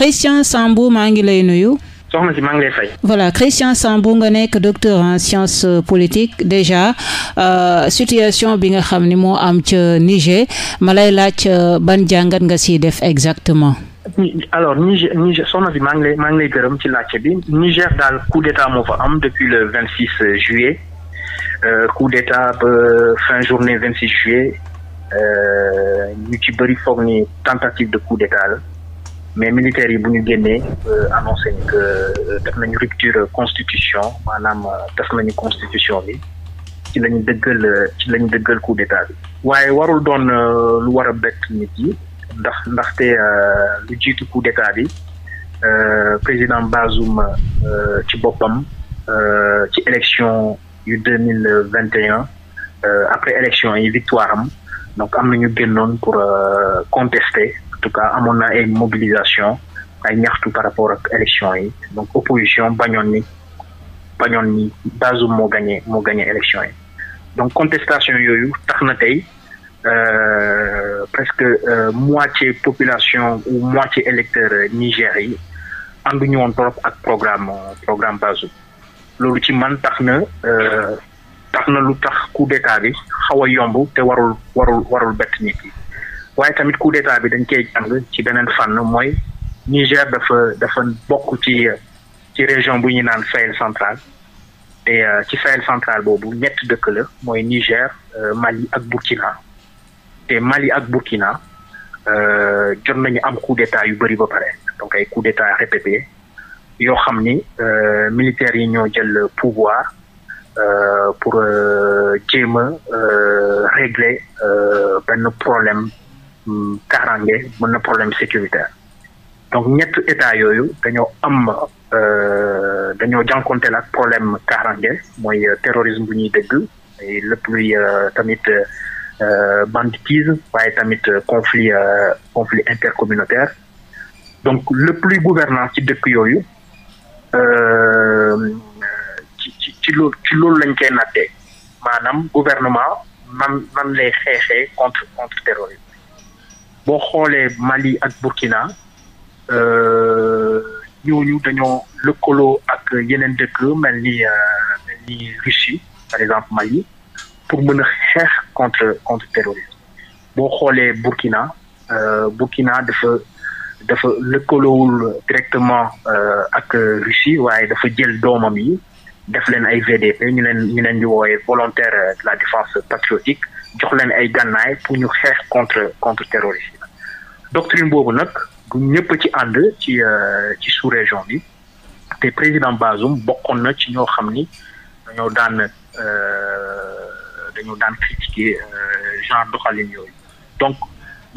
Christian Sambou maa ngi lay nuyu. soxna si maa ngi lay fay. voilà Christian Sambou nga nekk docteur en sciences politiques déjà euh, situation bi nga xam ni moo am ca Niger ma lay laaj euh, ban jàngat nga si def exactement. alors Niger Niger soxna si maa ngi lay maa ngi lay gërëm ci laajte bi Niger daal coup d'état moo fa am depuis le vingt six juillet euh, coup d'état ba fin journée vingt six juillet ñu ci bëri foog ni tentative de coup d'état la. mais militaires yi bu ñu génnee euh, annoncé ni que euh, def nañu rupture constitution maanaam euh, def nañu constitution bi ci lañu dëggal ci lañu dëggal coup d'état bi. waaye warul doon lu war a bett nit yi ndax ndaxte lu jiitu coup d'état bi président Bazoum ci boppam ci élection yu deux mille vingt et un après élection yi victoire donc am nañu ñu génnoon pour contester. tout cas amoon na ay mobilisation ay ñaxtu par rapport ak élection yi donc opposition bañoon ni bañoon ni Bazoum moo gagné moo gagné élection yi donc contestation yooyu tax na tey Euh, presque euh, moitié population ou moitié électeur Niger yi ànduñu woon trop ak programme programme Bazoum loolu ci man tax na euh, tax na lu tax coup d'état bi xaw a yomb te warul warul warul bett nit yi waaye tamit coup d'état bi dañ koy jàng ci beneen fànn mooy Niger dafa dafa bokk ci ci région bu ñu naan Sahel central te euh, ci Sahel central boobu ñett dëkk la mooy Niger euh, Mali ak Burkina te Mali ak Burkina euh, jot nañu am coup d'état yu bëri ba pare donc ay coup d'état répété yoo xam ni militaires yi ñoo jël pouvoir pour jéem a régler benn problème kaaraange mën na problème sécuritaire donc ñett état yooyu dañoo am euh, dañoo jànkonteel ak problème kaaraange mooy euh, terrorisme bu ñuy dégg et lépp luy euh, tamit banditisme waaye tamit conflit conflit intercommunautaire donc lépp luy gouvernance ci dëkk yooyu ci ci ci loolu ci loolu lañ koy nattee maanaam gouvernement nan nan lay xeexee contre contre terrorisme boo xoolee Mali ak Burkina euh, ñooñu dañoo lëkkaloo ak yeneen dëkk mel ni euh, mel ni par exemple Mali pour mën a xeex contre contre terrorisme boo xoolee Burkina euh, Burkina dafa dafa lëkkaloowul directement ak russi waaye dafa jël doomam yi def leen ay VDP ñu leen ñu leen di woowee volontaire de la défense patriotique jox leen ay gànnaay pour ñu xeex contre contre terrorisme doctrine boobu nag gu ñëpp ci ànd ci euh, ci sous région bi te président Bazoum bokkoon na ci ñoo xam ni dañoo daan euh, dañoo daan critiquer euh, genre doxalin yooyu donc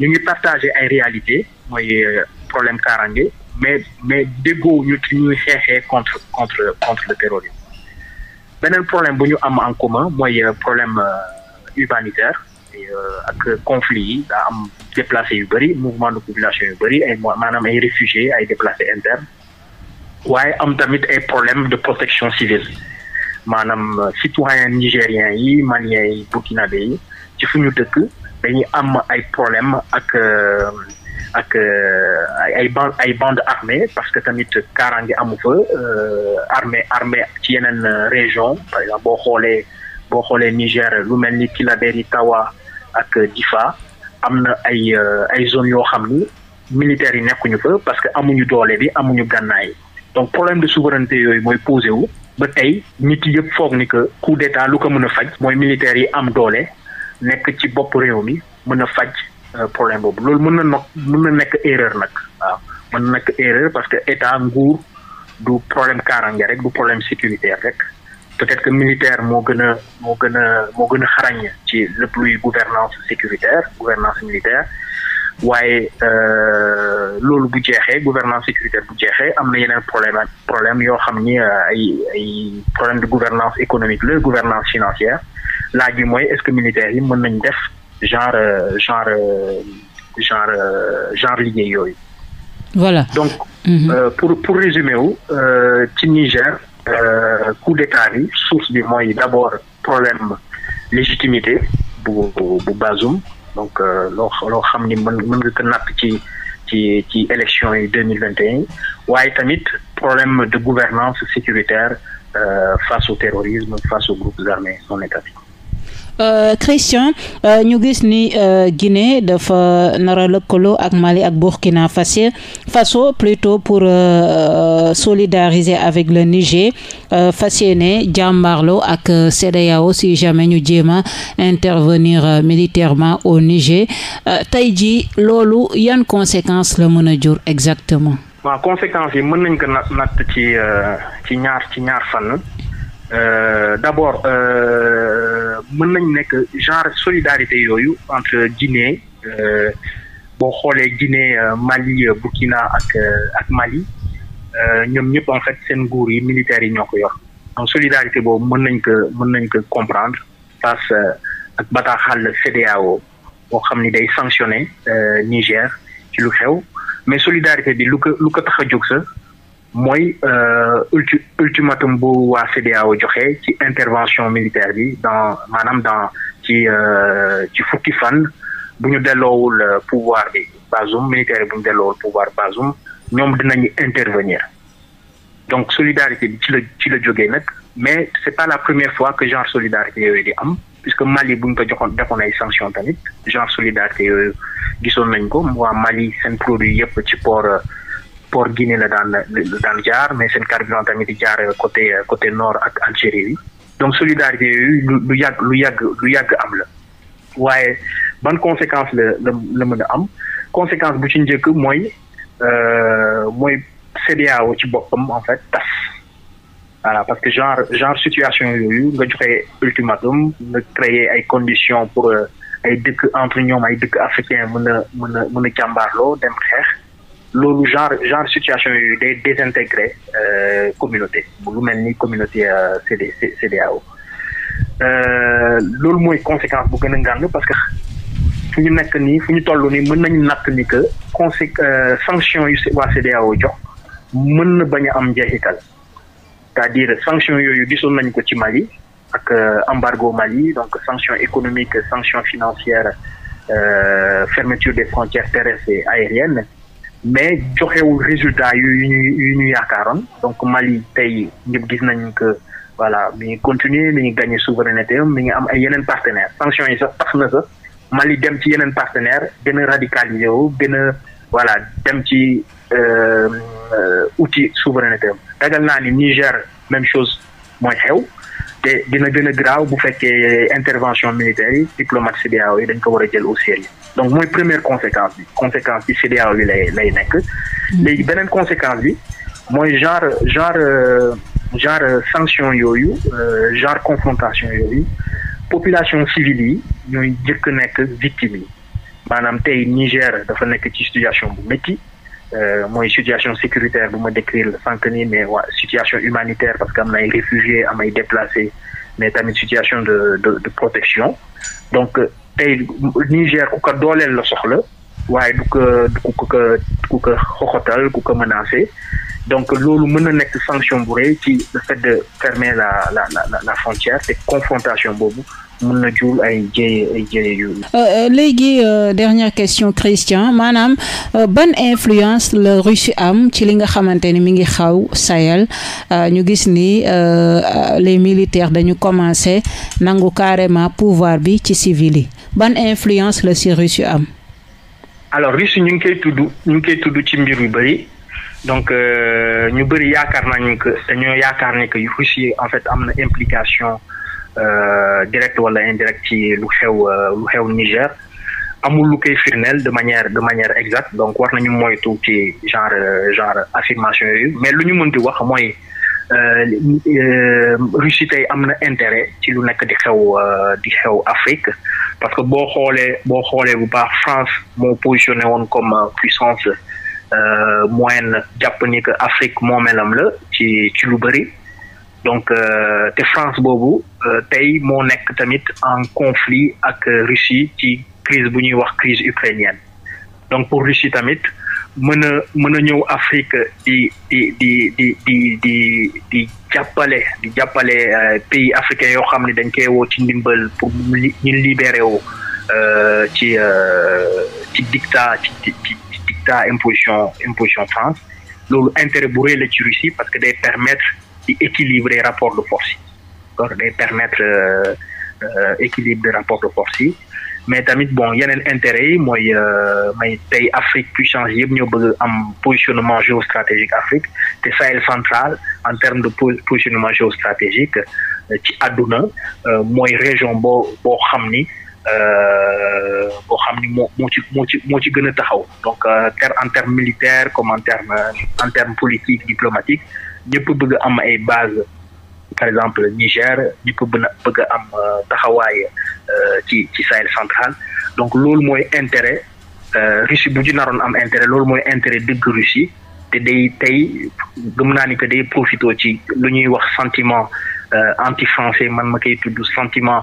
ñu ngi partagé ay réalité mooy problème kaaraange mais mais déggoo ñu ci ñuy xeexee contre contre contre le terrorisme beneen problème bu ñu am en commun mooy problème. humanitaire euh, ak conflit yi am déplacé yu bëri mouvement de population yu bëri ay maanaam ay réfugiés ay déplacé interne waaye am tamit ay problème de protection civile maanaam euh, citoyen nigérien yi malien yi burkinabé yi ci fu ñu dëkk dañuy am ay problème ak euh, ak ay ban ay bande armée parce que tamit kaaraange amu fa armée armée ci yeneen région par exemple boo xoolee boo xoolee Niger lu mel ni Tillabéri Tawa ak Difa am na ay euh, ay zones yoo xam ni militaires yi nekkuñu fa parce que amuñu doole bi amuñu gànnaay donc problème de souveraineté yooyu mooy posé wu ba tey nit yëpp foog ni que coup d'état lu ko mën a faj mooy militaires yi am doole nekk ci bopp réew mi mën a faj euh, problème boobu loolu mën na nok mën na nekk erreur nag waaw mën na nekk erreur parce que état nguur du problème kaaraange rek du problème sécuritaire rek peut-être que militaire moo gën a moo gën a moo gën a xarañ ci lépp luy gouvernance sécuritaire gouvernance militaire waaye euh, loolu bu jeexee gouvernance sécuritaire bu jeexee am na yeneen problème problème yoo xam ni euh, ay ay problème de gouvernance économique la gouvernance financière laaj bi mooy est-ce que militaires yi mën nañ def genre genre genre genre liggéey yooyu voilà donc mm-hmm. euh, pour pour résumer wu ci Niger Euh, coup d'état bi source bi mooy d'abord problème légitimité bu bu Bazoum donc euh, loo xam ni mën mën nga ko natt ci ci ci élection yi deux waaye tamit problème de gouvernance sécuritaire euh, face au terrorisme face aux groupes armés non étatiques Euh, Christian euh, ñu gis ni euh, Guinée dafa nar a lëkkaloo ak Mali ak Burkina Faso Faso plutôt pour solidariser avec le Niger fas yéene jàmbaarloo ak CEDEAO si jamais ñu jéem a intervenir militairement au Niger tey ji loolu yan conséquence la mën a jur exactement. waaw conséquences yi mën nañ ko natt ci ñaar ci Euh, d' abord euh, mën nañ nekk genre solidarité yooyu entre Guinée euh, boo xoolee Guinée Mali Burkina ak ak Mali ñoom ñëpp en fait seen nguur yi militaires yi ñoo ko yor donc solidarité boobu mën nañ ko mën nañ ko comprendre face ak bataaxal CEDEAO boo xam ni day sanctionné Niger ci lu xew mais solidarité bi lu ko lu ko tax jóg sa mooy euh, ulti ultimatum bu waa CEDEAO joxe ci intervention militaire bi dans maanaam dans ci euh, ci fukki fan bu ñu delloowul euh, pouvoir bi Bazoum militaire bu ñu delloowul pouvoir Bazoum ñoom dinañu intervenir donc solidarité bi ci la ci la jógee nag mais c'est pas la première fois que genre solidarité yooyu di am puisque Mali bu ñu ko joxoon defoon ay sanctions tamit genre solidarité yooyu gisoon nañ ko waa Mali seen produit yëpp ci port port Guinée la daan daan jaar mais seen carburant tamit di jaar côté côté nord ak Algérie yi donc solidarité yooyu lu yàgg lu yàgg lu yàgg am la waaye ban conséquence la la mën a am conséquence bu ci njëkk mooy euh, mooy CEDEAO ci boppam en fait tas voilà parce que genre genre situation yooyu nga joxe ultimatum nga créer ay conditions pour euh, ay dëkk entre ñoom ay dëkk africain mën a mën a mën dem xeex loolu genre genre situation yooyu day désintégré euh, communauté lu mel ni communauté euh, CD CEDEAO euh, loolu mooy conséquence bu gën a parce que fu ñu nekk nii fu ñu toll nii mën nañu nakk ni que consé sanction yu waa CEDEAO jox mën na bañ a am njeexital c'est-à-dire sanction yooyu gisoon nañu ko ci Mali ak embargo Mali donc sanction économique sanction financière fermeture des frontières terrestres et aériennes mais joxewu résultat yu ñu yu ñu yaakaaroon donc Mali tey ñëpp gis nañ que voilà mi ngi continuer mi ngi gagné souveraineté mi ngi am ay yeneen partenaires sanctions yi sax tax na sax Mali dem ci yeneen partenaire gën a radicalisé wu gën a voilà dem ci euh, euh, outil souveraineté am dagal naa ni Niger même chose mooy xew. te dina gën graaw bu fekkee intervention militaire yi diplomate CEDEAO yi dañ ko war a jël au sérieux donc mooy première conséquence bi conséquence bi CEDEAO yi lay lay nekk mm-hmm. léegi beneen conséquence bi mooy genre genre euh, genre sanction yooyu euh, genre confrontation yooyu population civile yi ñooy jëkk nekk victime yi maanaam tey Niger dafa nekk ci situation bu métti Euh, mooy situation sécuritaire bu ma décrire sànq nii mais waa situation humanitaire parce que am na ay réfugiés am ay déplacés mais tamit situation de de de protection donc euh, tey Niger ku ko dooleel la soxla waaye du ko ku ko ku ko xoxotal ku ko menacé donc loolu mën na nekk sanction bu rëy ci le fait de fermer la la la la frontière te confrontation boobu. mën na jur ay jéye ay yu. Euh, euh, léegi euh, dernière question Christian maanaam ban influence la Russie am ci li nga xamante ni mi ngi xaw Sahel ñu gis ni les militaires dañu commencé nangu carrément pouvoir bi ci civil yi ban influence la si Russie am. alors Russie ñu ngi koy tudd ñu ngi koy tudd ci mbir yu bëri donc ñu bëri yaakaar nañu que dañoo yaakaar ne que Russie en fait am na implication. Euh, direct wala indirect ci lu xew euh, lu xew Niger amul lu koy firndeel de manière de manière exacte donc war nañu moytu ci genre euh, genre affirmation yooyu mais lu ñu mënti wax mooy Russie tey am na intérêt ci lu nekk di xew di xew Afrique parce que boo xoolee boo xoolee bu baax France moo positionné woon comme puissance moyenne jàpp ni que Afrique moomeelam la ci ci lu bëri. donc euh, te France boobu euh, tey moo nekk tamit en conflit ak euh, Russie ci crise bu ñuy wax crise ukrainienne donc pour Russie tamit mën a mën a ñëw Afrique di di di di di di di jàppale jàppale pays africain yoo xam ne dañ koy woo ci ndimbal pour ñu libéré woo ci ci dictat ci ci dictat imposition imposition France loolu intérêt bu rëy ci Russie parce que day permettre di équilibrer rapport de force yi loolu day permettre euh, euh, équilibre de rapport de force mais tamit bon yeneen intérêt yi mooy euh, may tey Afrique puissance yëpp ñoo bëgg am positionnement géostratégique Afrique te Sahel central en termes de positionnement géostratégique ci àdduna mooy région boo boo xam ni Euh, boo xam ni moo moo ci moo ci moo ci gën a taxaw donc euh, en terme militaire comme en terme en terme politique diplomatique ñëpp bëgg am ay base par exemple Niger ñëpp bën a bëgg am euh, taxawaay ci ci Sahel central donc loolu mooy intérêt Russie bu ci naroon am intérêt loolu mooy intérêt dëgg Russie te day tey gëm naa ni que day profité ci lu ñuy wax sentiment anti-français man ma koy tudd sentiment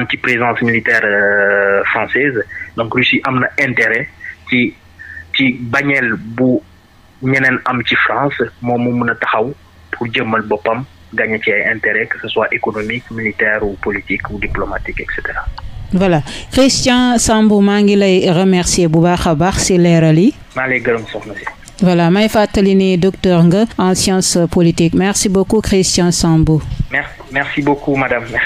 anti présence militaire euh, française donc Russie am na intérêt ci ci bañeel bu ñeneen am ci France moom mu mun a taxaw pour jëmmal boppam gagné ci ay intérêt que ce soit économique militaire ou politique ou diplomatique et Christian Sambou maa ngi lay remercier bu baax a baax si leeral yi. maa lay gërëm soxna si. may fàttali ni docteur nga en sciences politiques merci beaucoup Christian Sambou. merci merci beaucoup madame.